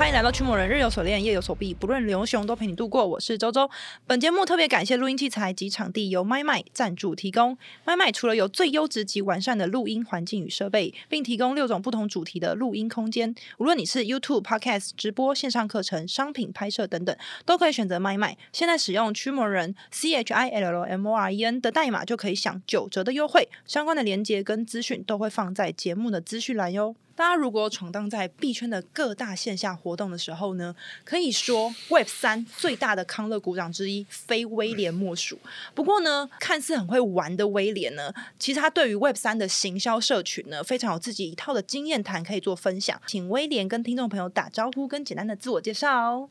歡迎來到《區魔人》，日有所鏈，夜有所幣，不論牛熊都陪你度過。我是周周。本節目特別感謝錄音器材及場地由 Micmind 贊助提供。Micmind 除了有最優質及完善的錄音環境與設備，並提供六種不同主題的錄音空間。無論你是 YouTube、Podcast、直播、線上課程、商品拍攝等等，都可以選擇 Micmind。現在使用“區魔人 ”CHILLMOREN 的代碼就可以享九折的優惠。相關的連接跟資訊都會放在節目的資訊欄喲。大家如果有闖蕩在幣圈的各大線下活動的時候呢，可以說 Web 三最大的康樂股長之一，非威廉莫屬。不過呢，看似很會玩的威廉呢，其實他對於 Web 三的行銷社群呢，非常有自己一套的經驗談可以做分享。請威廉跟聽眾朋友打招呼，跟簡單的自我介紹哦。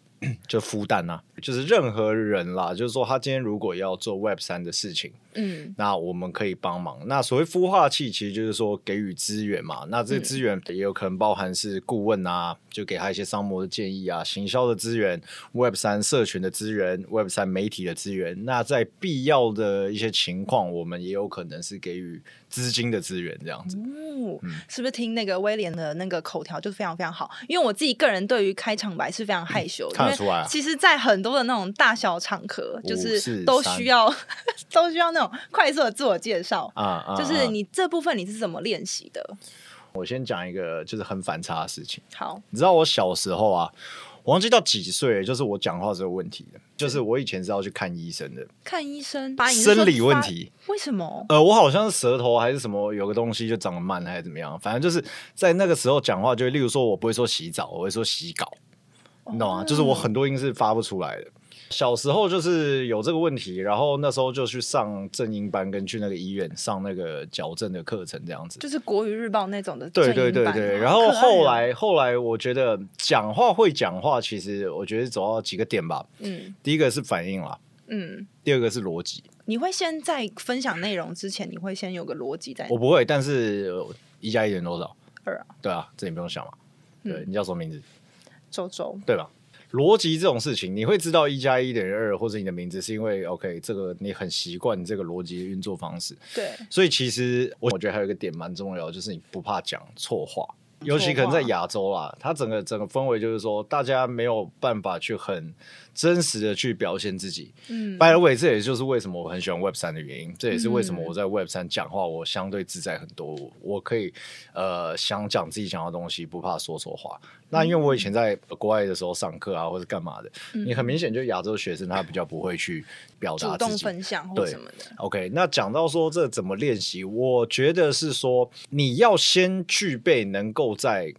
就孵蛋吶，就是任何人啦，就是說他今天如果要做 Web 三的事情，嗯，那我們可以幫忙。那所謂孵化器，其實就是說給予資源嘛。那這個資源也有可能包含是顧問啊，就給他一些商模的建議啊，行銷的資源，Web 三社群的資源，Web 三媒體的資源，嗯。那在必要的一些情況，我們也有可能是給予資金的資源這樣子。哦，嗯，是不是聽那個威廉的那個口條就非常非常好，因為我自己個人對於開場白是非常害羞的，嗯。其實，在很多的那種大小場合，就是都需要 都需要那種快速的自我介紹啊、嗯嗯。就是你這部分你是怎麼練習的？我先講一個，就是很反差的事情。好，你知道我小時候啊，我忘記到幾歲，就是我講話是有問題的。就是我以前是要去看醫生的，看醫生把、啊、生理問題。為什麼？呃，我好像是舌頭還是什麼，有個東西就長得慢還是怎麼樣？反正就是在那個時候講話，就例如說我不會說洗澡，我會說洗稿。你懂啊？就是我很多音是發不出來的、嗯。小時候就是有這個問題，然後那時候就去上正音班，跟去那個醫院上那個矯正的課程，這樣子。就是國語日報那種的、啊。對對對對。然後後來、啊、後來，我覺得講話會講話，其實我覺得主要幾個點吧。嗯。第一個是反應啦。嗯。第二個是邏輯。你會先在分享內容之前，你會先有個邏輯在？我不會，但是一加一等於多少？二啊。對啊，這你不用想嘛。嗯、對你叫什麼名字？周周對吧？邏輯這種事情，你會知道一加一等於二，或者你的名字是因為 OK，這個你很習慣這個邏輯的運作方式。對，所以其實我覺得還有一個點蠻重要的，就是你不怕講錯話，尤其可能在亞洲啊，它整個整個氛圍就是說，大家沒有辦法去很真實的去表現自己。嗯，by the way，這也就是為什麼我很喜歡 Web 三的原因，嗯。這也是為什麼我在 Web 三講話，我相對自在很多。嗯，我可以呃想講自己講的東西，不怕說錯話，嗯。那因為我以前在國外的時候上課啊，或者幹嘛的，嗯，你很明顯就亞洲學生他比較不會去表達自己，主動分享或什麼的。對。OK，那講到說這怎麼練習，我覺得是說你要先具備能夠在。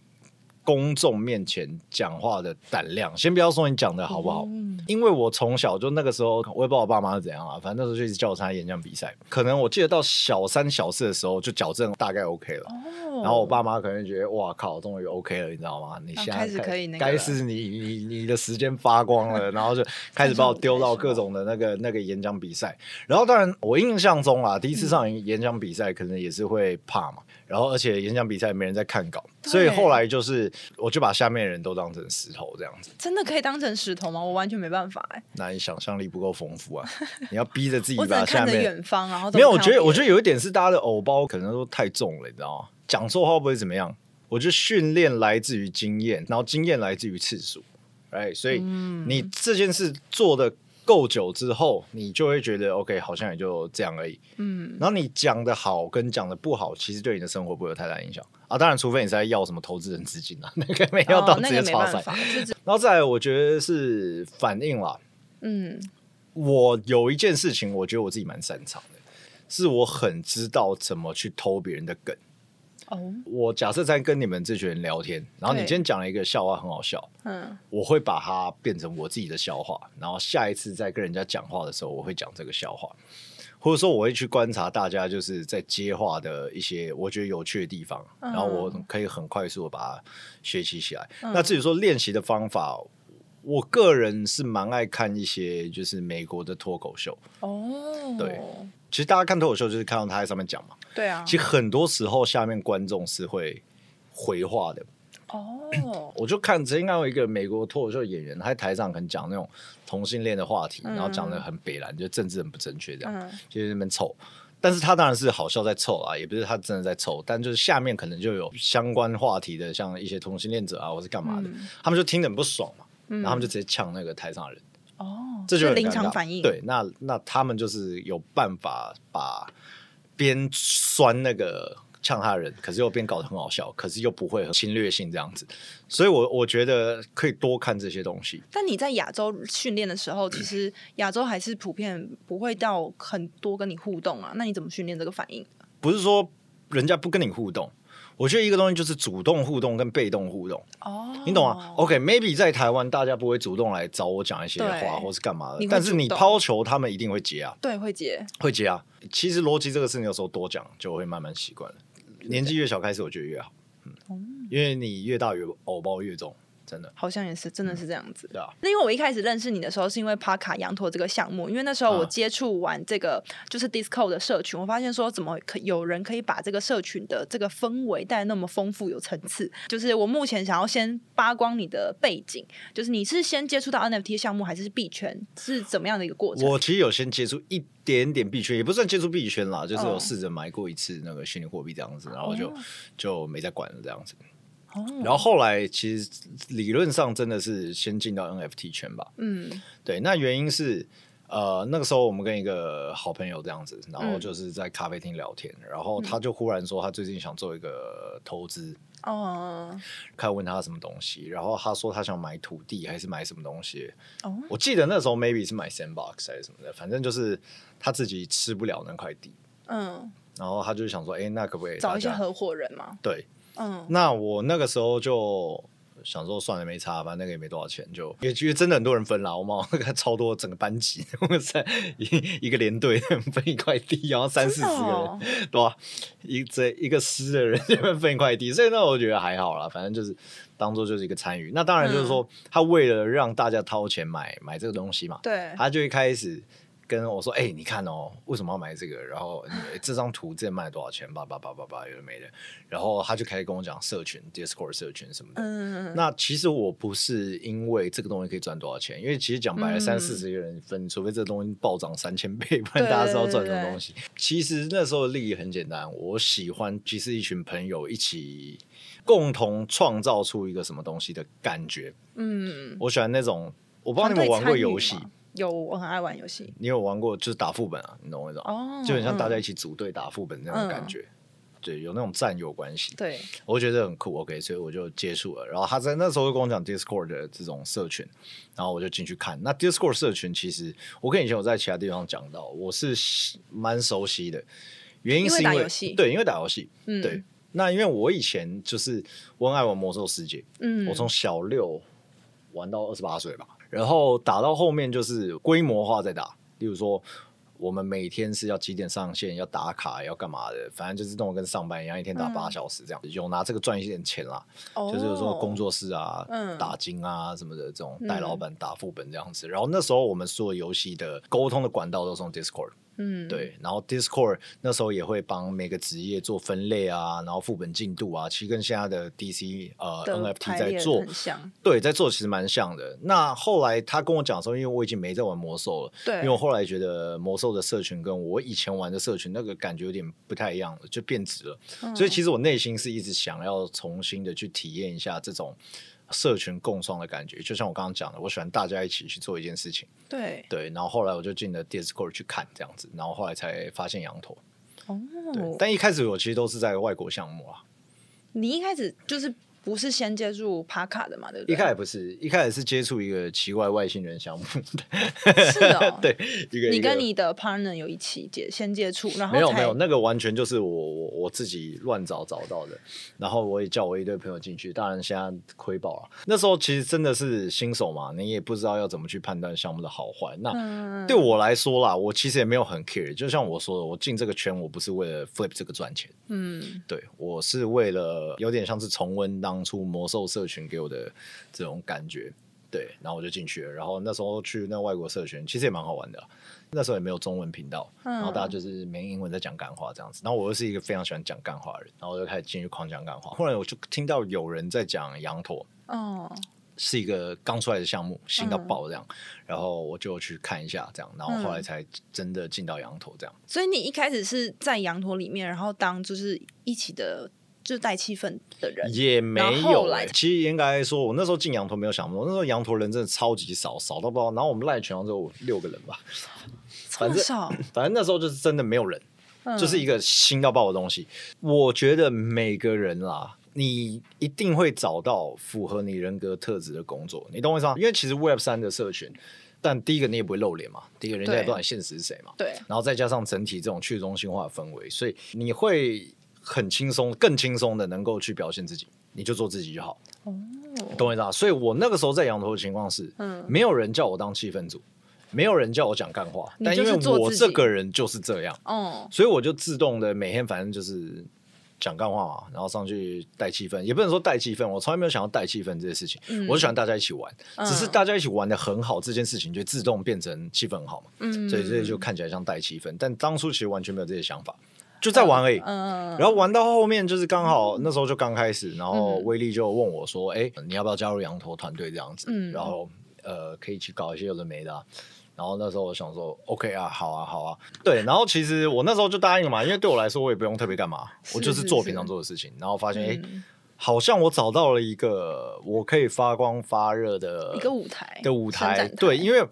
公眾面前講話的膽量，先不要說你講的好不好，嗯、因為我從小就那個時候，我也不知道我爸媽是怎樣啊，反正那時候就一直叫我參加演講比賽。可能我記得到小三小四的時候就矯正大概 OK 了，哦、然後我爸媽可能覺得哇靠，終於 OK 了，你知道嗎？你現在開始，開始可以，該是你你你的時間發光了， 然後就開始把我丟到各種的那個那個演講比賽。然後當然我印象中啊，第一次上演講比賽可能也是會怕嘛，嗯、然後而且演講比賽沒人在看稿，所以後來就是。我就把下面的人都當成石頭這樣子，真的可以當成石頭嗎？我完全沒辦法哎、欸，那你想象力不夠豐富啊！ 你要逼着自己把下面……遠 方，然後沒有，我覺得，我覺得有一點是大家的偶包可能都太重了，你知道嗎？講錯話會不會怎麼樣。我覺得訓練來自於經驗，然後經驗來自於次數，哎、right?，所以你這件事做的。夠久之後，你就會覺得 OK，好像也就這樣而已。嗯，然後你講的好跟講的不好，其實對你的生活不會有太大影響啊。當然，除非你是在要什麼投資人資金啊，那個沒要到直接超賽、哦那個。然後再來，我覺得是反應啦。嗯，我有一件事情，我覺得我自己蠻擅長的，是我很知道怎麼去偷別人的梗。哦、oh.，我假設在跟你們這群人聊天，然後你今天講了一個笑話，很好笑，嗯，我會把它變成我自己的笑話，然後下一次再跟人家講話的時候，我會講這個笑話，或者說我會去觀察大家就是在接話的一些我覺得有趣的地方，然後我可以很快速的把它學習起來。Oh. 那至於說練習的方法。我個人是蠻愛看一些就是美國的脫口秀哦，oh. 對，其實大家看脫口秀就是看到他在上面講嘛，對啊，其實很多時候下面觀眾是會回話的哦、oh. 我就看曾經有一個美國脫口秀演員，他在台上可能講那種同性戀的話題，mm. 然後講的很北爛，就政治很不正確這樣，mm. 就是那邊臭。但是他當然是好笑在臭啊，也不是他真的在臭，但就是下面可能就有相關話題的，像一些同性戀者啊，或是幹嘛的，mm. 他們就聽得很不爽。然後他們就直接嗆那個台上的人，嗯、哦，這就是臨場反應。對，那那他們就是有辦法把邊酸那個嗆他的人，可是又邊搞得很好笑，可是又不會很侵略性這樣子。所以我，我我覺得可以多看這些東西。但你在亞洲訓練的時候、嗯，其實亞洲還是普遍不會到很多跟你互動啊。那你怎麼訓練這個反應？不是說人家不跟你互動。我覺得一個東西就是主動互動跟被動互動哦，oh, 你懂啊？OK，maybe，okay, 在台灣大家不會主動來找我講一些話或是幹嘛的，但是你拋球他們一定會接啊，對，會接，會接啊。其實邏輯這個事情有時候多講就會慢慢習慣。年紀越小開始我覺得越好，嗯，因為你越大越偶包越重。真的，好像也是，真的是這樣子。嗯，對啊。那因為我一開始認識你的時候，是因為帕卡羊駝這個項目，因為那時候我接觸完這個就是 Discord 的社群，啊，我發現說怎麼可有人可以把這個社群的這個氛圍帶那麼豐富、有層次。就是我目前想要先扒光你的背景，就是你是先接觸到 NFT 項目，還是幣圈，是怎麼樣的一個過程？我其實有先接觸一點點幣圈，也不算接觸幣圈啦，就是有試着買過一次那個虛擬貨幣這樣子，oh. 然後就，yeah. 就沒再管了這樣子。哦、然後後來其實理論上真的是先進到 NFT 圈吧。嗯，對，那原因是呃那個時候我們跟一個好朋友這樣子，然後就是在咖啡廳聊天，然後他就忽然說他最近想做一個投資哦，嗯、看問他什麼東西，然後他說他想買土地還是買什麼東西哦，我記得那時候 maybe 是買 Sandbox 還是什麼的，反正就是他自己吃不了那塊地，嗯，然後他就想說，哎，那可不可以找一些合夥人嘛？對。嗯，那我那個時候就想說，算了，沒差吧，反正那個也沒多少錢，就因為其實真的很多人分了，我靠，超多，整個班級，我們在一個連隊分一塊地，然後三、哦、四十個人，對吧？一這一個師的人就會分一塊地，所以那我覺得還好啦，反正就是當做就是一個參與。那當然就是說、嗯，他為了讓大家掏錢買買這個東西嘛，對，他就一開始。跟我說，哎、欸，你看哦、喔，為什麼要買這個？然後、欸、這張圖現賣多少錢？叭叭叭叭叭，有沒的。然後他就開始跟我講社群，Discord 社群什麼的。嗯嗯那其實我不是因為這個東西可以賺多少錢，因為其實講白了三，三四十個人分、嗯，除非這東西暴漲三千倍，不然大家知道賺什麼東西。對對對對其實那時候的利益很簡單，我喜歡其實一群朋友一起共同創造出一個什麼東西的感覺。嗯。我喜歡那種，我不知道你們玩過遊戲。有，我很愛玩遊戲。你有玩過就是打副本啊？你懂我意思嗎，oh, 就很像大家一起組隊打副本那種感覺、嗯，對，有那種戰友關係。對我覺得很酷，OK，所以我就接觸了。然後他在那時候就跟我講 Discord 的這種社群，然後我就進去看。那 Discord 社群其實我跟以前我在其他地方講到，我是蠻熟悉的，原因是因為打遊戲。對，因為打遊戲、嗯。對，那因為我以前就是我很愛玩魔獸世界，嗯，我從小六玩到二十八歲吧。然後打到後面就是規模化再打，例如說我們每天是要幾點上線，要打卡，要幹嘛的，反正就是這種跟上班一樣，一天打八小時這樣、嗯，有拿這個賺一點錢啦，哦、就是有時候工作室啊、嗯、打金啊什麼的這種帶老板打副本這樣子。嗯、然後那時候我們所有遊戲的溝通的管道都是用 Discord。嗯，對，然後 Discord 那時候也會幫每個職業做分類啊，然後副本進度啊，其實跟現在的 DC，呃的，NFT 在做，對，在做其實蠻像的。那後來他跟我講說，因為我已經沒在玩魔獸了，對，因為我後來覺得魔獸的社群跟我以前玩的社群那個感覺有點不太一樣了，就變質了，嗯。所以其實我內心是一直想要重新的去體驗一下這種。社群共創的感覺，就像我剛剛講的，我喜歡大家一起去做一件事情。對對，然後後來我就進了 Discord 去看這樣子，然後後來才發現羊駝。哦，對，但一開始我其實都是在外國項目啊。你一開始就是。不是先接觸帕卡的嘛？對不對？一開始不是，一開始是接觸一個奇怪外星人項目是的，是喔、 對，一個,一個你跟你的 partner 有一起接先接觸，然後沒有沒有那個完全就是我我我自己亂找找到的，然後我也叫我一堆朋友進去，當然現在虧爆了。那時候其實真的是新手嘛，你也不知道要怎麼去判斷項目的好壞。那、嗯、對我來說啦，我其實也沒有很 care，就像我說的，我進這個圈我不是為了 flip 這個賺錢，嗯，對，我是為了有點像是重溫當。當初魔獸社群給我的這種感覺，對，然後我就進去了。然後那時候去那外國社群，其實也蠻好玩的啊。那時候也沒有中文頻道，然後大家就是沒英文在講幹話這樣子。然後我又是一個非常喜歡講幹話的人，然後我就開始進去狂講幹話。後來我就聽到有人在講羊駝，哦，是一個剛出來的項目，新到爆這樣。然後我就去看一下這樣，然後後來才真的進到羊駝這樣。所以你一開始是在羊駝裡面，然後當就是一起的。就帶氣氛的人也沒有，然後後來其實應該說，我那時候進羊駝沒有想那，那時候羊駝人真的超級少，少到不知道。然後我們賴全狼只有六個人吧，反正反正那時候就是真的沒有人，嗯，就是一個新到爆的東西。我覺得每個人啦，你一定會找到符合你人格特質的工作，你懂我意思嗎？因為其實 Web 三的社群，但第一個你也不會露臉嘛，第一個人家也不管現實是誰嘛對，對。然後再加上整體這種去中心化的氛圍，所以你會。很輕鬆，更輕鬆的能夠去表現自己，你就做自己就好，oh. 懂我意思啊？所以我那個時候在羊駝的情況是，嗯，沒有人叫我當氣氛組，沒有人叫我講幹話是，但因為我這個人就是這樣，哦、oh.，所以我就自動的每天反正就是講幹話嘛，然後上去帶氣氛，也不能說帶氣氛，我從來沒有想要帶氣氛這些事情，嗯、我就喜歡大家一起玩，嗯、只是大家一起玩得很好這件事情就自動變成氣氛很好嘛，嗯，所以這就看起來像帶氣氛，但當初其實完全沒有這些想法。就在玩而已，嗯嗯，然後玩到後面就是剛好，嗯、那時候就剛開始，然後威廉就問我說：“哎、嗯欸，你要不要加入羊頭團隊這樣子？”嗯、然後呃，可以去搞一些有的沒的，啊。然後那時候我想說、嗯、：“OK 啊，好啊，好啊。”對，然後其實我那時候就答應了嘛，因為對我來說我也不用特別幹嘛，嗯、是是是，我就是做平常做的事情。然後發現哎、嗯欸，好像我找到了一個我可以發光發熱的一個舞台的舞台、台，對，因為。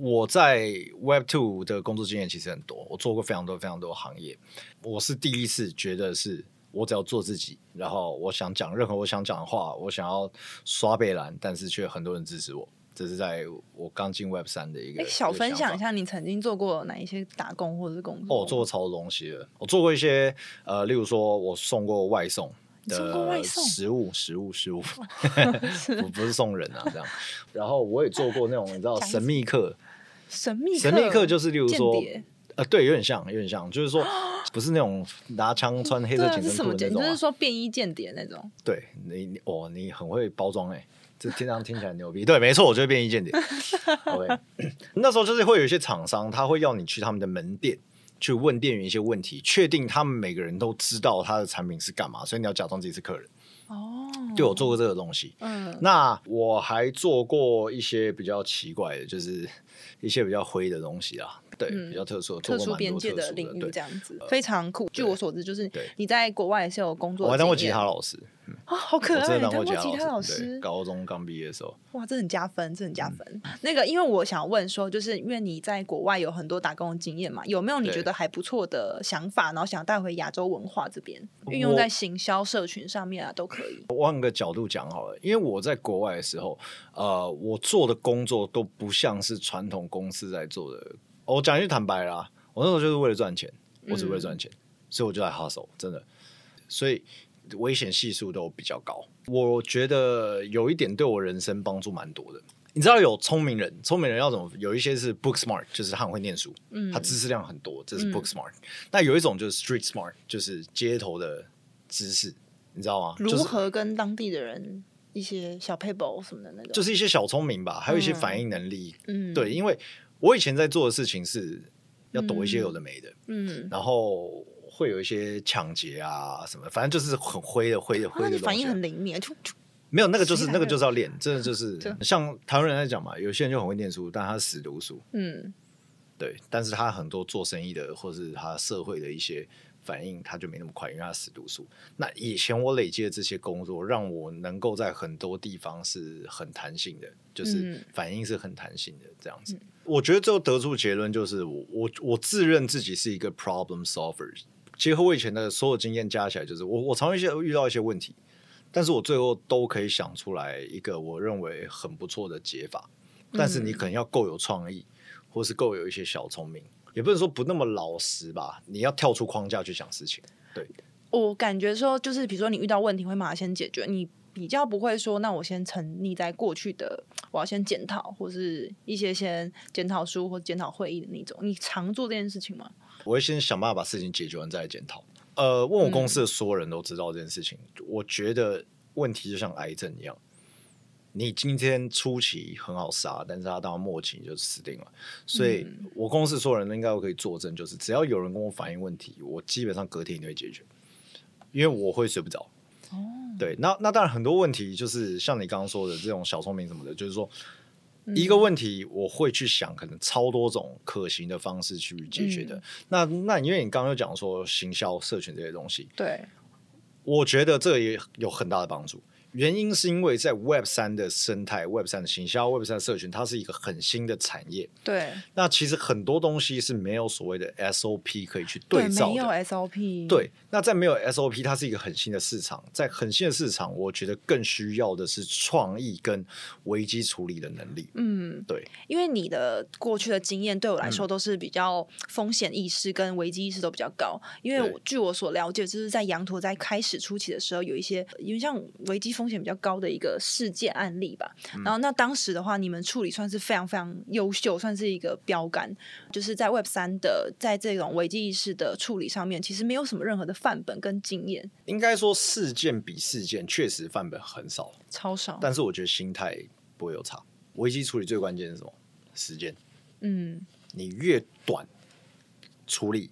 我在 Web Two 的工作經驗其實很多，我做過非常多非常多行業。我是第一次覺得，是我只要做自己，然後我想講任何我想講的話，我想要刷貝欄，但是卻很多人支持我。這是在我剛進 Web 三的一個、欸、小分享一下，你曾經做過哪一些打工或者是工作？哦，我做過超多東西了，我做過一些呃，例如說我送過外送。的實物，實物，食物，食物， 我不是送人啊，這樣。然後我也做過那種你知道想想神秘客，神秘神秘客就是例如說、呃，對，有點像，有點像，就是說不是那種拿槍穿黑色警服的那種、啊嗯，就是說便衣間諜那種。對，你，你哦，你很會包裝哎、欸，這聽上聽起來牛逼。對，沒錯，我就是便衣間諜。 OK， 那時候就是會有一些廠商，他會要你去他們的門店。去問店員一些問題，確定他們每個人都知道他的產品是幹嘛，所以你要假裝自己是客人。哦、oh.，對我做過這個東西，嗯、um.，那我還做過一些比較奇怪的，就是。一些比較灰的東西啦、啊，對、嗯，比較特殊的、特殊邊界的領域，這樣子、呃、非常酷。據我所知，就是你在國外也是有工作，我還當過吉他老師啊、哦，好可愛，我真的當過吉他老師。老師高中剛畢業的時候，哇，這很加分，這很加分。嗯、那個，因為我想問說，就是因為你在國外有很多打工的經驗嘛，有沒有你覺得還不錯的想法，然後想帶回亞洲文化這邊運用在行銷社群上面啊，都可以。我換個角度講好了，因為我在國外的時候，呃，我做的工作都不像是傳。同公司在做的，我、oh, 講一句坦白啦、啊，我那時候就是為了賺錢，我只為了賺錢、嗯，所以我就在 hustle，真的，所以危險係數都比較高。我覺得有一點對我人生幫助蠻多的，你知道有聰明人，聰明人要怎麼？有一些是 book smart，就是他很會念書、嗯，他知識量很多，這是 book smart、嗯。那有一種就是 street smart，就是街頭的知識，你知道嗎？如何跟當地的人？一些小配寶什麼的那個、就是一些小聰明吧，還有一些反應能力。嗯，對嗯，因為我以前在做的事情是要躲一些有的沒的，嗯，嗯然後會有一些搶劫啊什麼，反正就是很灰的灰的灰的，灰的。啊、反應很靈敏、啊，沒有那個就是那個就是要練，真的就是、嗯、就像台灣人在講嘛，有些人就很會念書，但他是死讀書，嗯，對，但是他很多做生意的或是他社會的一些。反應它就沒那麼快，因為它死讀書。那以前我累積的這些工作，讓我能夠在很多地方是很彈性的，就是反應是很彈性的這樣子，嗯。我覺得最後得出結論就是我，我我我自認自己是一個 problem solver。結合我以前的所有經驗加起來，就是我我常常一些遇到一些問題，但是我最後都可以想出來一個我認為很不錯的解法，嗯。但是你可能要夠有創意，或是夠有一些小聰明。也不能說不那麼老實吧，你要跳出框架去想事情。對。我感覺說，就是比如說你遇到問題會馬上先解決，你比較不會說那我先沉溺在過去的，我要先檢討，或是一些先檢討書或檢討會議的那種。你常做這件事情嗎？我會先想辦法把事情解決完再來檢討。呃，問我公司的所有人都知道這件事情。嗯、我覺得問題就像癌症一樣。你今天初期很好殺，但是他到末期就是死定了。所以，我公司所有人應該我可以作證，嗯，就是只要有人跟我反映問題，我基本上隔天就會解決，因為我會睡不着。哦，對，那那當然很多問題就是像你剛剛說的這種小聰明什麼的，就是說一個問題我會去想可能超多種可行的方式去解決的。嗯、那那因為你剛剛講說行銷社群這些東西，對，我覺得這個也有很大的幫助。原因是因為在 Web 三的生態、Web 三的行銷、Web 三的社群，它是一個很新的產業。對。那其實很多東西是沒有所謂的 SOP 可以去對照。對，沒有 SOP。對。那在沒有 SOP，它是一個很新的市場。在很新的市場，我覺得更需要的是創意跟危機處理的能力。嗯，對。因為你的過去的經驗對我來說都是比較風險意識跟危機意識都比較高，嗯。因為據我所了解，就是在羊駝在開始初期的時候，有一些因為像危機風險。風險比較高的一個事件案例吧。然後，那當時的話，你們處理算是非常非常優秀，算是一個標杆。就是在 Web 三的，在這種危機意識的處理上面，其實沒有什麼任何的範本跟經驗。應該說，事件比事件確實範本很少，超少。但是我覺得心態不會有差。危機處理最關鍵是什麼？時間。嗯。你越短處理，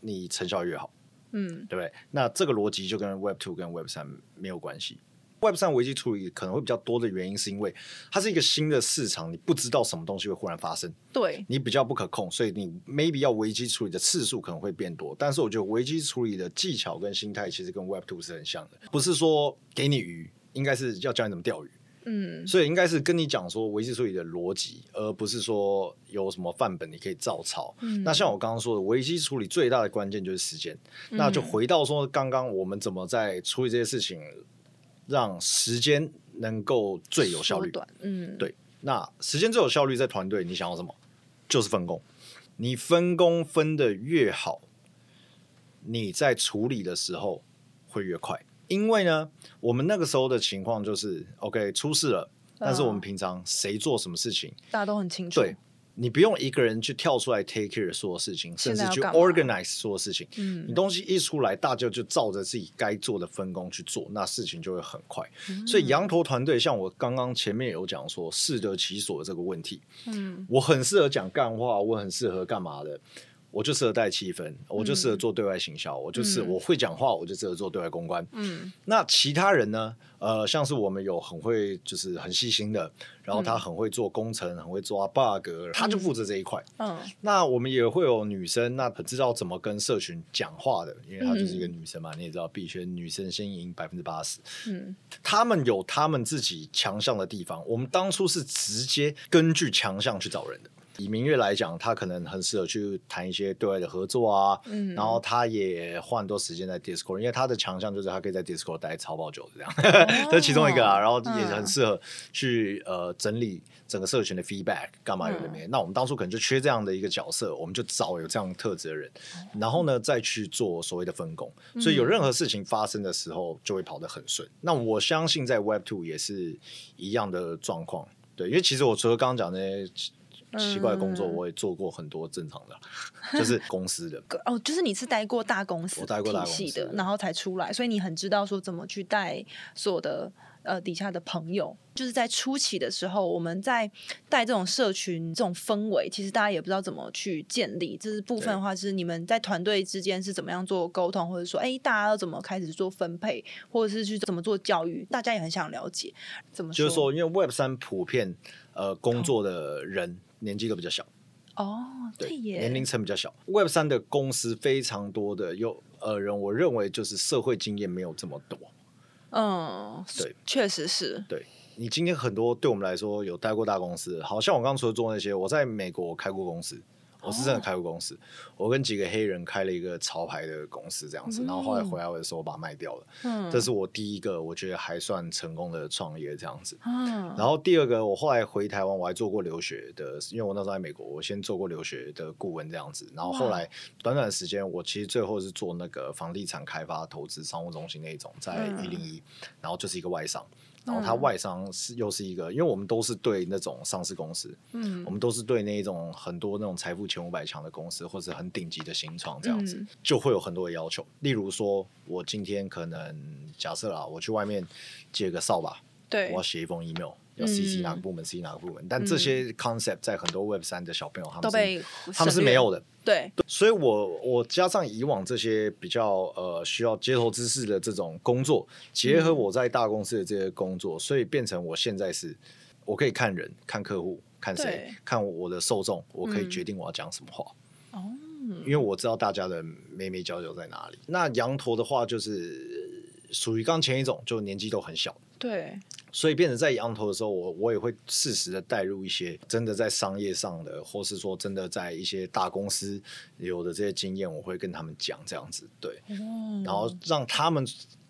你成效越好。嗯，對不對？那這個邏輯就跟 Web Two 跟 Web 三沒有關係。Web 3危機處理可能會比較多的原因，是因為它是一個新的市場，你不知道什麼東西會忽然發生，對你比較不可控，所以你 maybe 要危機處理的次數可能會變多。但是我覺得危機處理的技巧跟心態其實跟 Web Two 是很像的，不是說給你魚，應該是要教你怎麼釣魚。嗯，所以應該是跟你講說危機處理的邏輯，而不是說有什麼範本你可以照抄。嗯。那像我剛剛說的，危機處理最大的關鍵就是時間。那就回到說剛剛我們怎麼在處理這些事情。讓時間能夠最有效率，嗯，對。那時間最有效率在團隊，你想要什麼？就是分工。你分工分得越好，你在處理的時候會越快。因為呢，我們那個時候的情況就是，OK，出事了，啊，但是我們平常誰做什麼事情，大家都很清楚。對。你不用一個人去跳出來 take care 所有事情，甚至去 organize 所有事情。嗯。你東西一出來，大家就照着自己該做的分工去做，那事情就會很快。嗯、所以羊頭團隊，像我剛剛前面有講說適得其所的這個問題，嗯，我很適合講幹話，我很適合幹嘛的。我就適合帶氣氛，我就適合做對外行銷、嗯，我就是、嗯、我會講話，我就適合做對外公關。嗯，那其他人呢？呃，像是我們有很會就是很細心的，然後他很會做工程，很會抓 bug，他就負責這一塊。嗯，那我們也會有女生，那很知道怎麼跟社群講話的，因為她就是一個女生嘛，嗯、你也知道，畢竟女生先贏百分之八十。嗯，他們有他們自己強項的地方，我們當初是直接根據強項去找人的。以明月來講，他可能很適合去談一些對外的合作啊，嗯，然後他也花很多時間在 Discord，因為他的強項就是他可以在 Discord 待超爆久。這樣，這、哦、 是其中一個啊、哦。然後也很適合去、嗯、呃整理整個社群的 feedback，幹嘛有的沒、嗯。那我們當初可能就缺這樣的一個角色，我們就找有這樣的特質的人，然後呢再去做所謂的分工。所以有任何事情發生的時候，就會跑得很順。嗯、那我相信在 Web Two 也是一樣的狀況。對，因為其實我除了剛剛講的那些。奇怪的工作，我也做過很多正常的，嗯、 就是公司的哦，就是你是待過大公司，我待過大公司的，然後才出來，所以你很知道說怎麼去帶所有的呃底下的朋友。就是在初期的時候，我們在帶這種社群這種氛圍，其實大家也不知道怎麼去建立。這是部分的話，是你們在團隊之間是怎麼樣做溝通，或者說哎、欸，大家要怎麼開始做分配，或者是去怎麼做教育，大家也很想了解。怎麼就是說，因為 Web 3普遍，呃工作的人。哦年紀都比較小，哦、oh,，對，年齡層比較小。Web 三的公司非常多的，的有呃人，我認為就是社會經驗沒有這麼多。嗯、oh,，對，確實是。對，你今天很多對我們來說有待過大公司，好像我剛剛說的那些，我在美國開過公司。我是真的開過公司，oh. 我跟幾個黑人開了一個潮牌的公司這樣子，mm. 然後後來回來的時候，我把它賣掉了，mm. 這是我第一個我覺得還算成功的創業這樣子。Mm. 然後第二個我後來回台灣我還做過留學的，因為我那時候在美國我先做過留學的顧問這樣子，然後後來短短的時間，wow. 我其實最後是做那個房地產開發投資商務中心那一種，在一零一，然後就是一個外商。然後他外商是又是一個、嗯，因為我們都是對那種上市公司，嗯，我們都是對那種很多那種財富前五百強的公司或者很頂級的新創這樣子、嗯，就會有很多的要求。例如說，我今天可能假設啦，我去外面借個掃把，對，我要寫一封 email。要 CC 哪個部門 C 哪個部門？但這些 concept 在很多 Web 三的小朋友，他們都沒有，他們是沒有的。對，對所以我我加上以往這些比較呃需要街頭知識的這種工作，結合我在大公司的這些工作，嗯、所以變成我現在是我可以看人、看客戶、看誰、看我的受眾，我可以決定我要講什麼話。哦、嗯，因為我知道大家的眉眉角角在哪裡。那羊駝的話，就是屬於剛剛前一種，就年紀都很小。對，所以變成在羊頭的時候，我我也會適時的帶入一些真的在商業上的，或是說真的在一些大公司有的這些經驗，我會跟他們講這樣子，對，嗯，然後讓他們。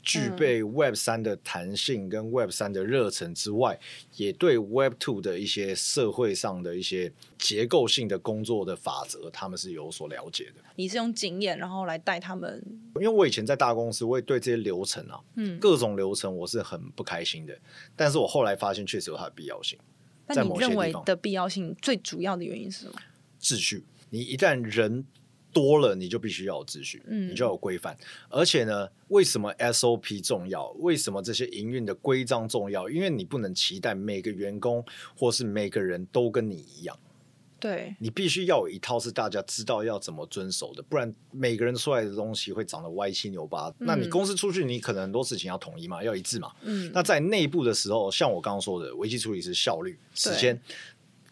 具備 Web 三的彈性跟 Web 三的熱忱之外，嗯、也對 Web two 的一些社會上的一些結構性的工作的法則，他們是有所了解的。你是用經驗，然後來帶他們？因為我以前在大公司，我也對這些流程啊、嗯，各種流程我是很不開心的。但是我後來發現，確實有它的必要性。那你認為的必要性最主要的原因是什麼？秩序。你一旦人。多了你就必須要有秩序，嗯，你就要有規範。而且呢，為什麼 SOP 重要？為什麼這些營運的規章重要？因為你不能期待每個員工或是每個人都跟你一樣，對，你必須要有一套是大家知道要怎麼遵守的，不然每個人出來的東西會長得歪七扭八，嗯。那你公司出去，你可能很多事情要統一嘛，要一致嘛，嗯。那在內部的時候，像我剛剛說的，危機處理是效率時間。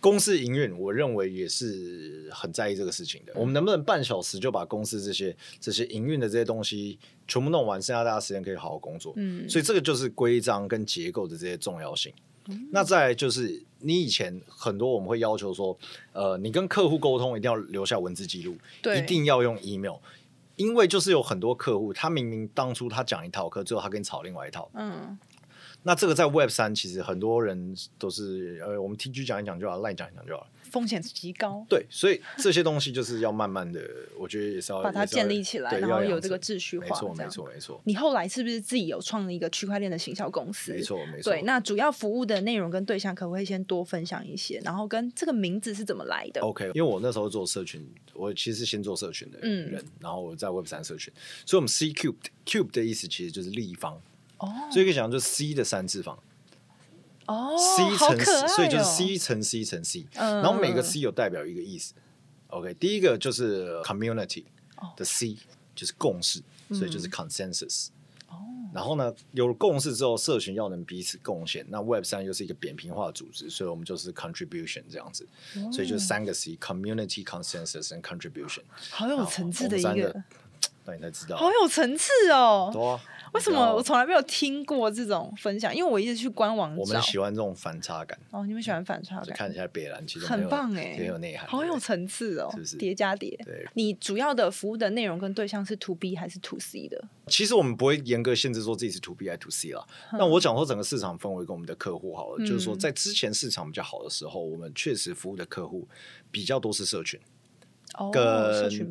公司營運，我認為也是很在意這個事情的。我們能不能半小時就把公司這些這些營運的這些東西全部弄完，剩下大家的時間可以好好工作？嗯，所以這個就是規章跟結構的這些重要性。嗯，那再來就是，你以前很多我們會要求說，呃，你跟客戶溝通一定要留下文字記錄，對，一定要用 email，因為就是有很多客戶，他明明當初他講一套，可最後他跟你吵另外一套，嗯。那這個在 Web 三，其實很多人都是呃，我們 TG 講一講就好，賴講一講就好了。風險極高。對，所以這些東西就是要慢慢的， 我覺得也是要把它建立起來，然後有這個秩序化。沒錯，沒錯，沒錯。你後來是不是自己有創了一個區塊鏈的行銷公司？沒錯，沒錯。對，那主要服務的內容跟對象，可不可以先多分享一些？然後跟這個名字是怎麼來的？OK，因為我那時候做社群，我其實先做社群的人，嗯、然後我在 Web 三社群，所以我們 CCubed，Cube 的意思其實就是立方。Oh, 所以可以講就是 C 的三次方，哦、oh,，C 乘 C,、喔，所以就是 C 乘 C 乘 C，、uh, 然後每個 C 有代表一個意思。OK，第一個就是 community 的 C、oh. 就是共識，所以就是 consensus、嗯。哦、oh.，然後呢，有了共識之後，社群要能彼此貢獻，那 Web 三又是一個扁平化的組織，所以我們就是 contribution 這樣子，所以就是三個 C：community、oh.、consensus 和 contribution。好有層次的一個，那你才知道，好有層次哦、喔。為什麼我從來沒有聽過這種分享？因為我一直去官網。我們喜歡這種反差感哦。你們喜歡反差感？看一下別人，其實很棒哎、欸，很有內涵，好有層次哦，是不是？疊加疊。對。你主要的服務的內容跟對象是 to B 還是 to C 的？其實我們不會嚴格限制說自己是 to B 還是 to C 了。但我講說整個市場氛圍跟我們的客戶好了、嗯，就是說在之前市場比較好的時候，我們確實服務的客戶比較多是社群，哦、跟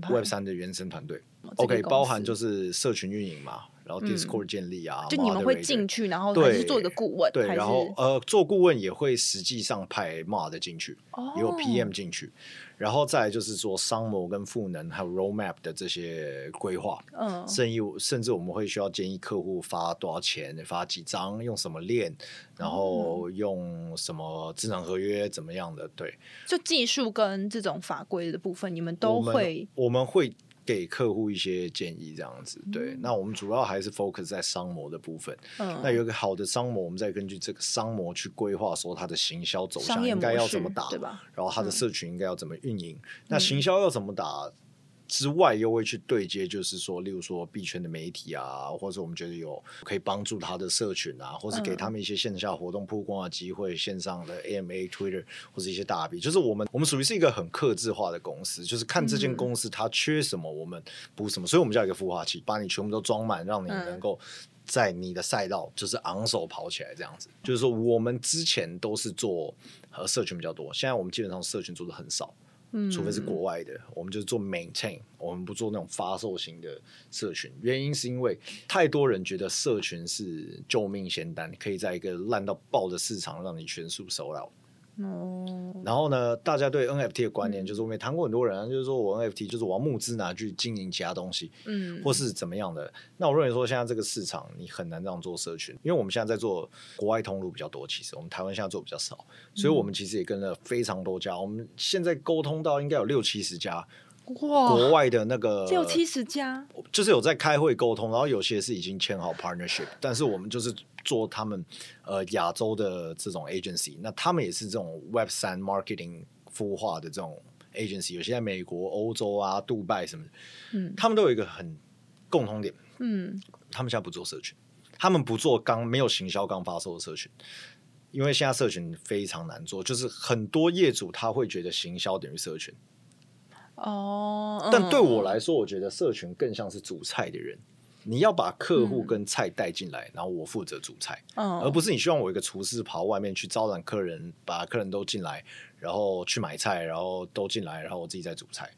Web 三的原生團隊、哦這個。OK，包含就是社群運營嘛。然後 Discord 建立啊，嗯、就你們會進去，然後還是做一個顧問？對，對，還是然後呃，做顧問也會實際上派 Mod 進去，哦、也有 PM 進去，然後再就是說商謀跟賦能還有 Road Map 的這些規劃。嗯，甚至甚至我們會需要建議客戶發多少錢，發幾張，用什麼鏈，然後用什麼智能合約怎麼樣的？對，就技術跟這種法規的部分，你們都會？我們，我們會。給客戶一些建議，這樣子，對。嗯。那我們主要還是 focus 在商模的部分。嗯，那有個好的商模，我們再根據這個商模去規劃，說它的行銷走向應該要怎麼打，然後它的社群應該要怎麼運營，嗯，那行銷要怎麼打？之外，又會去對接，就是說，例如說幣圈的媒體啊，或者我們覺得有可以幫助他的社群啊，或者給他們一些線下活動曝光的機會，嗯、線上的 AMA、Twitter 或者一些大 B，就是我們我們屬於是一個很客製化的公司，就是看這間公司它缺什麼，我們補什麼，嗯、所以我們叫一個孵化器，把你全部都裝滿，讓你能夠在你的賽道就是昂首跑起來。這樣子、嗯，就是說我們之前都是做和社群比較多，現在我們基本上社群做得很少。除非是國外的，我們就是做 maintain，我們不做那種發售型的社群。原因是因為太多人覺得社群是救命仙丹，可以在一個爛到爆的市場讓你全數收老。哦、oh.，然後呢，大家對 NFT 的觀念就是，我沒談過很多人，就是說我 NFT 就是我要募資拿去經營其他東西，嗯，或是怎麼樣的。那我認為說，現在這個市場你很難這樣做社群，因為我們現在在做國外通路比較多，其實我們台灣現在做比較少，所以我們其實也跟了非常多家，嗯、我們現在溝通到應該有六七十家。國外的那個有七十家，就是有在開會溝通，然後有些是已經簽好 partnership，但是我們就是做他們呃亞洲的這種 agency，那他們也是這種 web 三 marketing 孵化的這種 agency，有些在美國、歐洲啊、杜拜什麼，嗯，他們都有一個很共通點，嗯，他們現在不做社群，他們不做剛沒有行銷剛發售的社群，因為現在社群非常難做，就是很多業主他會覺得行銷等於社群。哦、oh, um，但對我來說，我覺得社群更像是煮菜的人。你要把客戶跟菜帶進來，嗯，然後我負責煮菜，um, 而不是你希望我一個廚師跑外面去招攬客人，把客人都進來，然後去買菜，然後都進來，然後我自己再煮菜。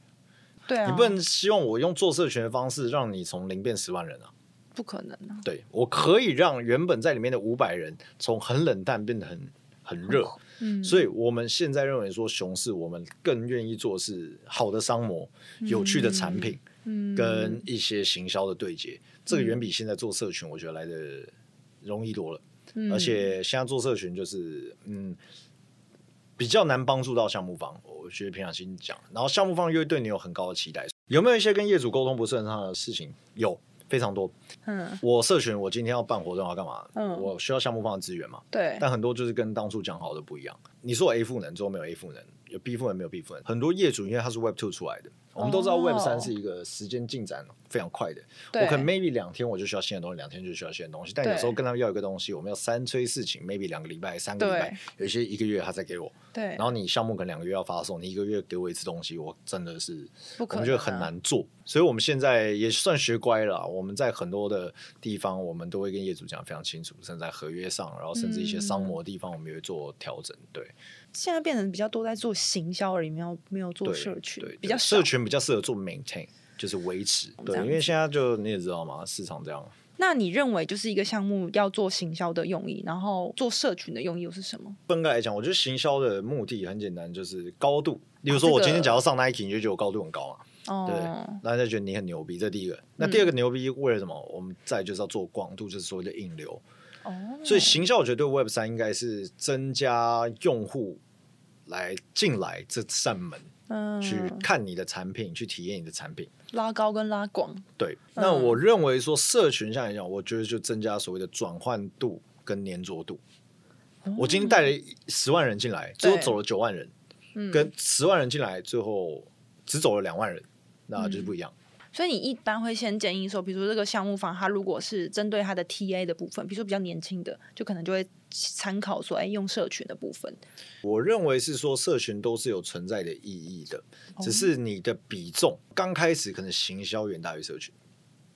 對、啊，你不能希望我用做社群的方式讓你從零變十萬人啊，不可能啊！對，我可以讓原本在裡面的五百人從很冷淡變得很很熱。Okay. 嗯、所以，我們現在認為說，熊市我們更願意做是好的商模、有趣的產品，嗯嗯、跟一些行銷的對接，嗯、這個遠比現在做社群，我覺得來的容易多了。嗯、而且，現在做社群就是，嗯，比較難幫助到項目方。我覺得平常心講，然後項目方又對你有很高的期待，有沒有一些跟業主溝通不是很順暢的事情？有。非常多，嗯，我社群，我今天要辦活動要幹嘛？嗯，我需要項目方的資源嘛？對，但很多就是跟當初講好的不一樣。你說我 A 賦能，之後沒有 A 賦能。有逼付沒有逼付很多業主因為他是 Web 2出來的，我們都知道 Web 三是一個時間進展非常快的。Oh, 我可能 maybe 兩天我就需要新的東西，兩天就需要新的東西。但有時候跟他們要一個東西，我們要三催四請，maybe 兩個禮拜、三個禮拜，有些一個月他再給我。對。然後你項目可能兩個月要發送，你一個月給我一次東西，我真的是，可能啊、我們覺得就很難做。所以我們現在也算學乖了。我們在很多的地方，我們都會跟業主講非常清楚，甚至在合約上，然後甚至一些商模的地方，我們也會做調整、嗯。對。現在變成比較多在做行銷而已，沒有沒有做社群，對對對比較社群比較適合做 maintain，就是維持。對，因為現在就你也知道嘛，市場這樣。那你認為就是一個項目要做行銷的用意，然後做社群的用意又是什麼？分開來講，我覺得行銷的目的很簡單，就是高度。例如說，我今天假如上 Nike，、啊這個、你就覺得我高度很高嘛，哦、對，大家覺得你很牛逼，這第一個。那第二個牛逼為了什麼？嗯、我們再就是要做廣度，就是所謂的引流。哦，所以行銷我覺得對 Web 三應該是增加用戶。來進來這扇門、嗯，去看你的產品，去體驗你的產品，拉高跟拉廣。對，嗯、那我認為說社群上一樣我覺得，就增加所謂的轉換度跟粘着度、嗯。我今天帶了十萬人進來，最後走了九萬人；跟十萬人進來，最後只走了兩萬人，那就是不一樣。嗯、所以你一般會先建議說，比如說這個項目方，他如果是針對他的 TA 的部分，比如說比較年輕的，就可能就會。參考說，哎，用社群的部分，我認為是說社群都是有存在的意義的，只是你的比重剛、哦、開始可能行銷遠大於社群，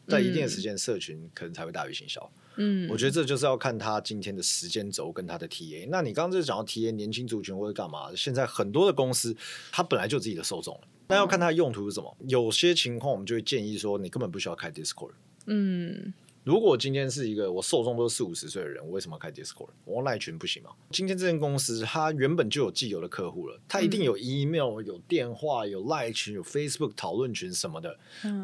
在一定的時間、嗯、社群可能才會大於行銷。嗯，我覺得這就是要看他今天的時間軸跟他的 TA。那你剛剛就講到 TA 年輕族群或者幹嘛，現在很多的公司它本來就自己的受眾，但那要看它的用途是什麼。嗯、有些情況我們就會建議說，你根本不需要開 Discord。嗯。如果今天是一個我受眾都是四五十歲的人，我為什麼要開 Discord？我用賴群不行嗎？今天這間公司，它原本就有既有的客戶了，它一定有 email、有電話、有 line 群、有 Facebook 討論群什麼的，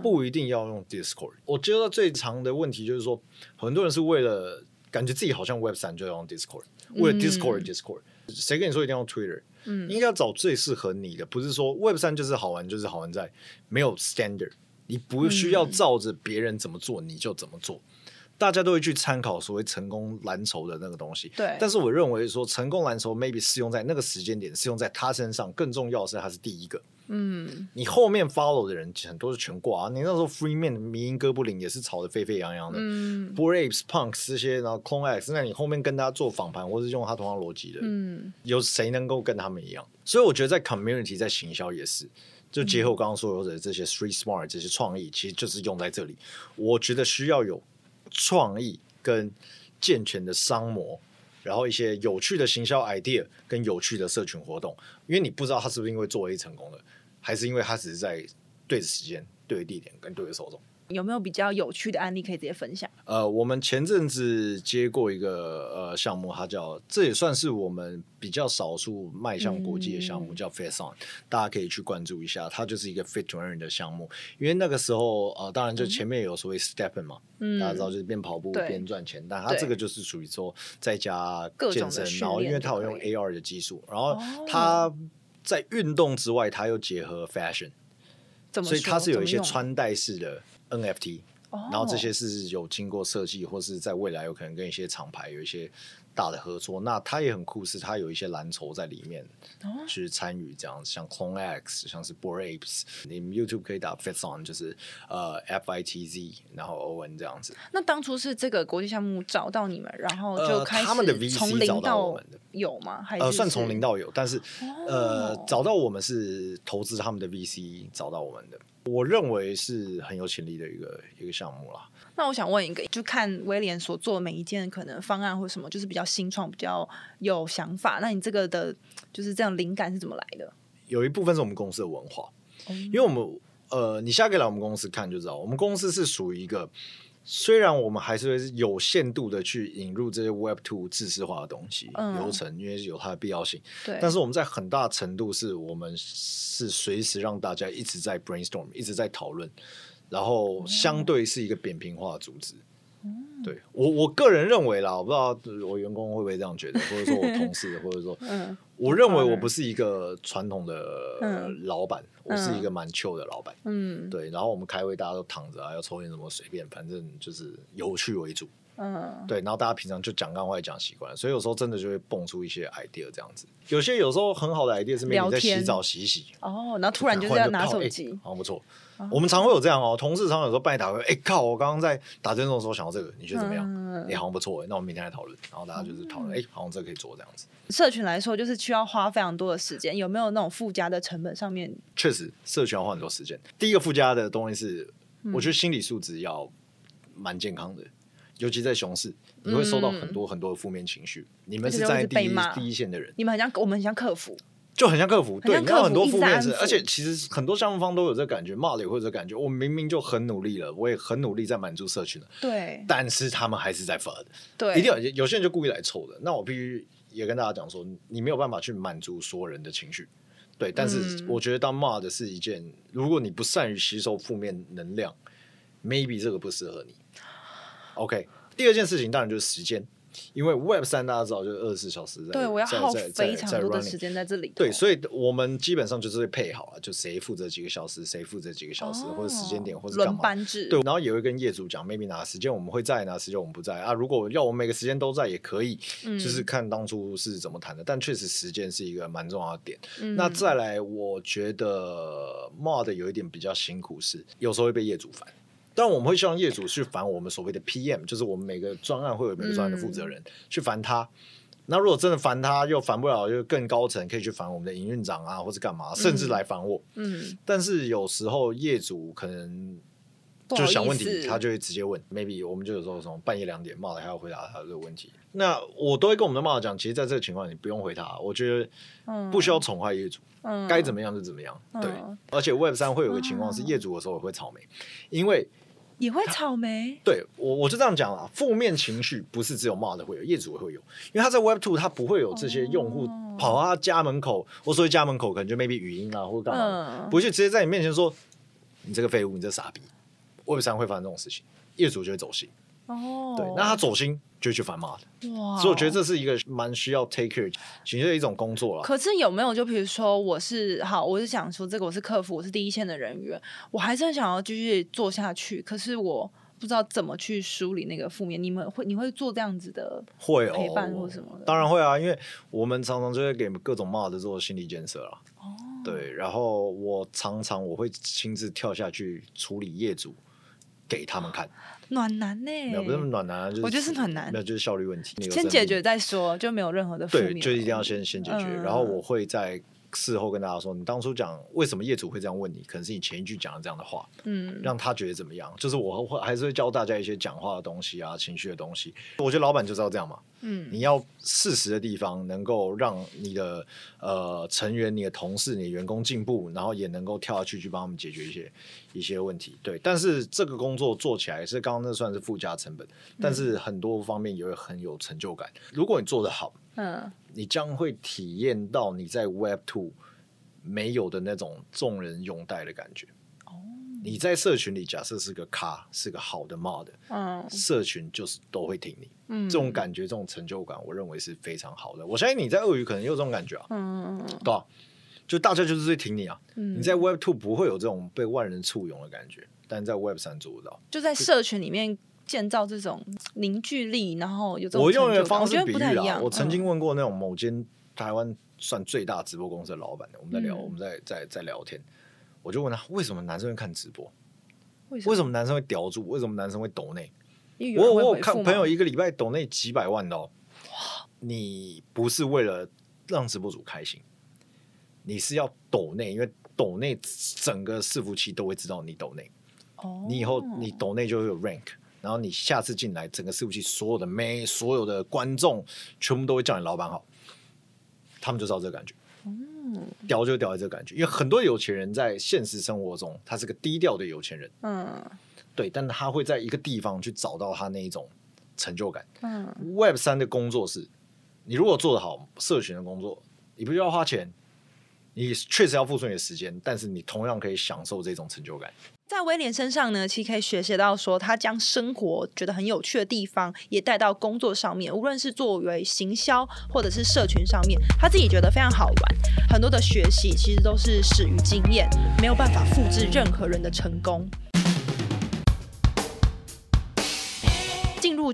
不一定要用 Discord。我接到最常的問題就是說，很多人是為了感覺自己好像 Web 三就要用 Discord，為了 Discord, Discord、Discord，誰跟你說一定要用 Twitter？應該要找最適合你的，不是說 Web 三就是好玩，就是好玩在沒有 standard。你不需要照着別人怎麼做、嗯、你就怎麼做，大家都會去參考所謂成功藍籌的那個東西。對，但是我認為說成功藍籌 maybe 適用在那個時間點，適用在他身上。更重要的是，他是第一個。嗯，你後面 follow 的人很多是全掛、啊。你那時候 free man、迷因哥布林也是吵得沸沸揚揚的。嗯，braves、punks 這些，然後 clone x，那你後面跟大家做訪談，或是用他同樣邏輯的，嗯，有誰能夠跟他們一樣？所以我覺得在 community，在行銷也是。就結合我剛剛說的這些 street smart 這些創意，其實就是用在這裡。我覺得需要有創意跟健全的商模，然後一些有趣的行銷 idea 跟有趣的社群活動。因為你不知道他是不是因為做 A 成功的，還是因為他只是在對的時間、對的地點跟對的受眾。有沒有比較有趣的案例可以直接分享？呃，我們前陣子接過一個呃項目，它叫，這也算是我們比較少數邁向國際的項目，嗯、叫 Face On，大家可以去關注一下。它就是一個 Fit to Earn 的項目，因為那個時候呃，當然就前面有所謂 Step In 嘛、嗯，大家知道就是邊跑步邊賺錢，嗯、但他這個就是屬於說在家健身，然後因為它有用 AR 的技術，然後它在運動之外，它又結合 Fashion，,、哦、結合 fashion 怎麼，所以它是有一些穿戴式的。NFT，、oh. 然後這些是有經過設計，或是在未來有可能跟一些廠牌有一些大的合作。那他也很酷，是他有一些藍籌在裡面去參與，這樣、oh. 像 Clone X，像是 Bored Apes，你們 YouTube 可以打 Fitson 就是呃、uh, F I T Z，然後 ON 這樣子。那當初是這個國際項目找到你們，然後就開始從零到、uh, 他們的 VC 找到我們有嗎？呃，算從零到有，但是、oh. 呃找到我們是投資他們的 VC 找到我們的。我認為是很有潛力的一個一個項目啦。那我想問一個，就看威廉所做的每一件可能方案或什麼，就是比較新創、比較有想法。那你這個的就是這樣靈感是怎麼來的？有一部分是我們公司的文化，嗯、因為我們呃，你下個月來我們公司看就知道，我們公司是屬於一個。雖然我們還是會有限度的去引入這些 Web 2知識化的東西流程、嗯，因為有它的必要性。對，但是我們在很大程度是，我們是隨時讓大家一直在 brainstorm，一直在討論，然後相對是一個扁平化的組織。嗯。 對我我個人認為啦，我不知道我員工會不會這樣覺得， 或者說我同事，或者說，我認為我不是一個傳統的老板、 嗯，我是一個蠻 chill 的老板。嗯，對。然後我們開會大家都躺着啊，要抽菸什麼隨便，反正就是有趣為主。嗯，對。然後大家平常就講幹話講習慣，所以有時候真的就會蹦出一些 idea 這樣子。有些有時候很好的 idea 是每天在洗澡洗洗哦，然後突然就在拿手機。好，不錯。 我們常會有這樣哦，同事常常有時候半夜打回，哎靠，我剛剛在打針的時候想到這個，你覺得怎麼樣？你、嗯、好像不錯哎，那我們明天來討論，然後大家就是討論，哎、嗯，好像這個可以做這樣子。社群來說，就是需要花非常多的時間，有沒有那種附加的成本上面？確實，社群要花很多時間。第一個附加的東西是，嗯、我覺得心理素質要蠻健康的，尤其在熊市，你會受到很多很多的負面情緒。嗯、你們是在第一,一第一線的人，你們很像我們很像客服。就很像，很像客服，對，沒有很多負面的事，而且其實很多項目方都有這感覺，罵了也會有這感覺，我明明就很努力了，我也很努力在滿足社群了，對，但是他們還是在發的，對，一定有有些人就故意來湊的，那我必須也跟大家講說，你沒有辦法去滿足所有人的情緒，對、嗯，但是我覺得當罵的是一件，如果你不善於吸收負面能量，maybe 這個不適合你。OK，第二件事情當然就是時間。因為 Web 三大家知道，就是二十四小時在，在，對，我要耗非常多的時間在，在這裡。對，所以我們基本上就是會配好了，就誰負責幾個小時，誰負責幾個小時，哦、或者時間點，或者輪班制。對，然後也會跟業主講，maybe 哪時間我們會在，哪時間我們不在啊。如果要我們每個時間都在也可以、嗯，就是看當初是怎麼談的。但確實時間是一個蠻重要的點。嗯、那再來，我覺得 MOD 有一點比較辛苦是，有時候會被業主煩。但我們會希望業主去煩我們所謂的 PM，就是我們每個專案會有每個專案的負責的人、嗯、去煩他。那如果真的煩他又煩不了，就更高層可以去煩我們的營運長啊，或是幹嘛，甚至來煩我嗯。嗯。但是有時候業主可能就想問題，他就會直接問。Maybe 我們就有時候什麼半夜兩點，罵了還要回答他這個問題。那我都會跟我們的媽的講，其實在這個情況，你不用回答，我覺得不需要寵壞業主，該、嗯、怎麼樣就怎麼樣。嗯對，嗯、對。而且 Web 三會有個情況是業主有時候也會草莓，嗯、因為。也會草莓。對，我我就這樣講啊，負面情緒不是只有罵的會有，業主會有，因為他在 Web Two，他不會有這些用戶跑到他家門口，哦、我說去家門口可能就 maybe 語音啊，或者幹嘛、嗯，不去直接在你面前說你這個廢物，你這傻逼，Web 三會發生這種事情，業主就會走心。哦、oh.，對，那他走心就去反罵的，哇、wow.！所以我覺得這是一個蠻需要 take care 心理的一種工作了。可是有沒有就比如說我是好，我是想說這個我是客服，我是第一線的人員，我還是很想要繼續做下去，可是我不知道怎麼去梳理那個負面。你們會你會做這樣子的會陪伴或什麼的、哦？當然會啊，因為我們常常就會給各種罵的做心理建設了。哦、oh.，對，然後我常常我會親自跳下去處理業主，給他們看。Oh. 暖男呢、欸？沒有，不是那麼暖男，就是，我就是暖男。那就是效率問題，那個，先解決再說，就沒有任何的、欸。對，就一定要先先解決，嗯，然後我會再。事後跟大家說，你當初講為什麼業主會這樣問你，可能是你前一句講了這樣的話，嗯，讓他覺得怎麼樣？就是我會還是會教大家一些講話的東西啊，情緒的東西。我覺得老闆就是要這樣嘛，嗯，你要適時的地方能夠讓你的呃成員、你的同事、你的員工進步，然後也能夠跳下去去幫他們解決一些一些問題，對。但是這個工作做起來也是剛剛那算是附加成本，嗯，但是很多方面也會很有成就感。如果你做得好，嗯。你將會體驗到你在 Web Two 沒有的那種眾人擁戴的感覺。Oh. 你在社群裡，假設是個咖，是個好的 mod，oh. 社群就是都會挺你，嗯。這種感覺，這種成就感，我認為是非常好的。我相信你在鱷魚可能也有這種感覺啊。嗯、oh. 對、啊，就大家就是最挺你啊。嗯，你在 Web Two 不會有這種被萬人簇擁的感覺，但在 Web 三做不到。就在社群裡面，建造這種凝聚力，然後有這種成就感。我用的方式比喻啊、嗯，我曾經問過那種某間台灣算最大直播公司的老闆，我們在聊，嗯、我們在在在聊天，我就問他為什麼男生會看直播？為什麼，為什麼男生會屌住？為什麼男生會抖內？我我有看朋友一個禮拜抖內幾百萬的哦。你不是為了讓直播主開心，你是要抖內，因為抖內整個伺服器都會知道你抖內。哦。你以後你抖內就會有 rank。然後你下次進來，整個伺服器所有的麥、所有的觀眾，全部都會叫你老闆好，他們就知道這個感覺。嗯，屌就屌在這個感覺，因為很多有錢人在現實生活中，他是個低調的有錢人。嗯，對，但他會在一個地方去找到他那一種成就感。嗯，Web 三的工作是，你如果做得好，社群的工作，你不需要花錢。你確實要付出你的時間，但是你同樣可以享受這種成就感。在威廉身上呢，其實可以學習到說，他將生活覺得很有趣的地方也帶到工作上面，無論是作為行銷或者是社群上面，他自己覺得非常好玩。很多的學習其實都是始於經驗，沒有辦法複製任何人的成功。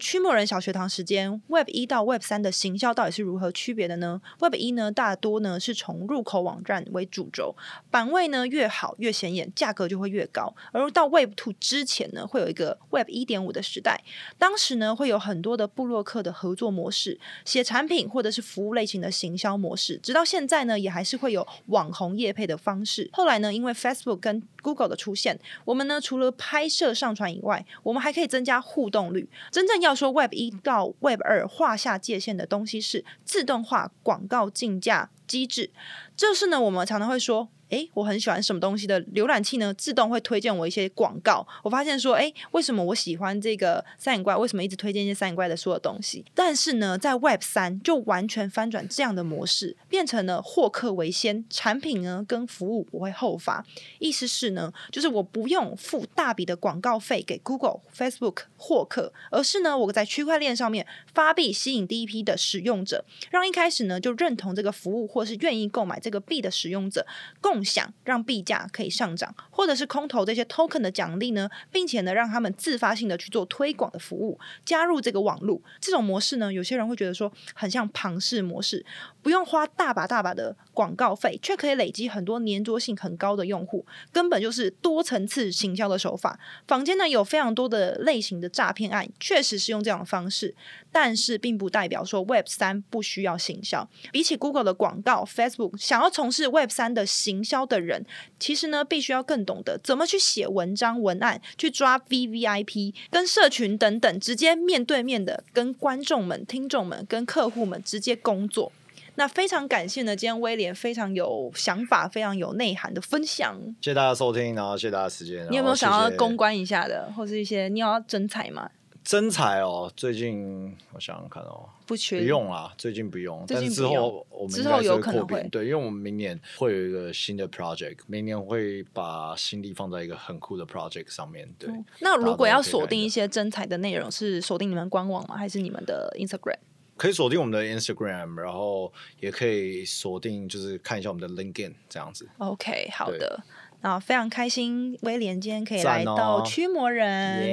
區魔人小學堂時間，Web 一到 Web 三的行銷到底是如何區別的呢？Web 一呢，大多呢是從入口網站為主軸，版位呢越好越顯眼，價格就會越高。而到 Web Two 之前呢，會有一個 Web 一點五的時代，當時呢會有很多的部落客的合作模式，寫產品或者是服務類型的行銷模式，直到現在呢也還是會有網紅業配的方式。後來呢，因為 Facebook 跟 Google 的出現，我們呢除了拍攝上傳以外，我們還可以增加互動率，真正要。說 Web 一到 Web 二劃下界限的東西是自動化廣告競價機制，這、就是呢，我們常常會說。誒，我很喜歡什麼東西的瀏覽器呢？自動會推薦我一些廣告。我發現說，誒，為什麼我喜歡這個三眼怪？為什麼一直推薦一些三眼怪的所有東西？但是呢，在 Web 三就完全翻轉這樣的模式，變成了獲客為先，產品呢跟服務不會後發。意思是呢，就是我不用付大筆的廣告費給 Google、Facebook 獲客，而是呢我在區塊鏈上面發幣，吸引第一批的使用者，讓一開始呢就認同這個服務或是願意購買這個幣的使用者共。想讓幣價可以上漲，或者是空投這些 token 的獎勵呢，並且呢讓他們自發性的去做推廣的服務，加入這個網絡。這種模式呢，有些人會覺得說很像龐氏模式，不用花大把大把的廣告費，卻可以累積很多黏着性很高的用戶，根本就是多層次行銷的手法。坊間呢有非常多的類型的詐騙案，確實是用這樣的方式。但是並不代表說 Web 三不需要行銷。比起 Google 的廣告，Facebook 想要從事 Web 三的行銷的人，其實呢，必須要更懂得怎麼去寫文章文案，去抓 VVIP 跟社群等等，直接面對面的跟觀眾們、聽眾們、跟客戶們直接工作。那非常感謝呢，今天威廉非常有想法、非常有內涵的分享。謝謝大家的收聽，然後謝謝大家的時間。你有沒有想要公關一下的，謝謝或是一些你要徵才嗎？徵才哦，最近我想想看哦，不缺不用啦，最近不用。最近不用，但是之後，之後我們之後有可能對，因為我們明年會有一個新的 project，明年會把心力放在一個很酷的 project 上面。對，嗯、那如果要鎖定一些徵才的內容，是鎖定你們官網嗎？還是你們的 Instagram？可以鎖定我們的 Instagram，然後也可以鎖定就是看一下我們的 LinkedIn 這樣子。OK，好的。啊，非常開心，威廉今天可以來到《區魔人》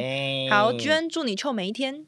哦 yeah。好，娟祝你臭美一天，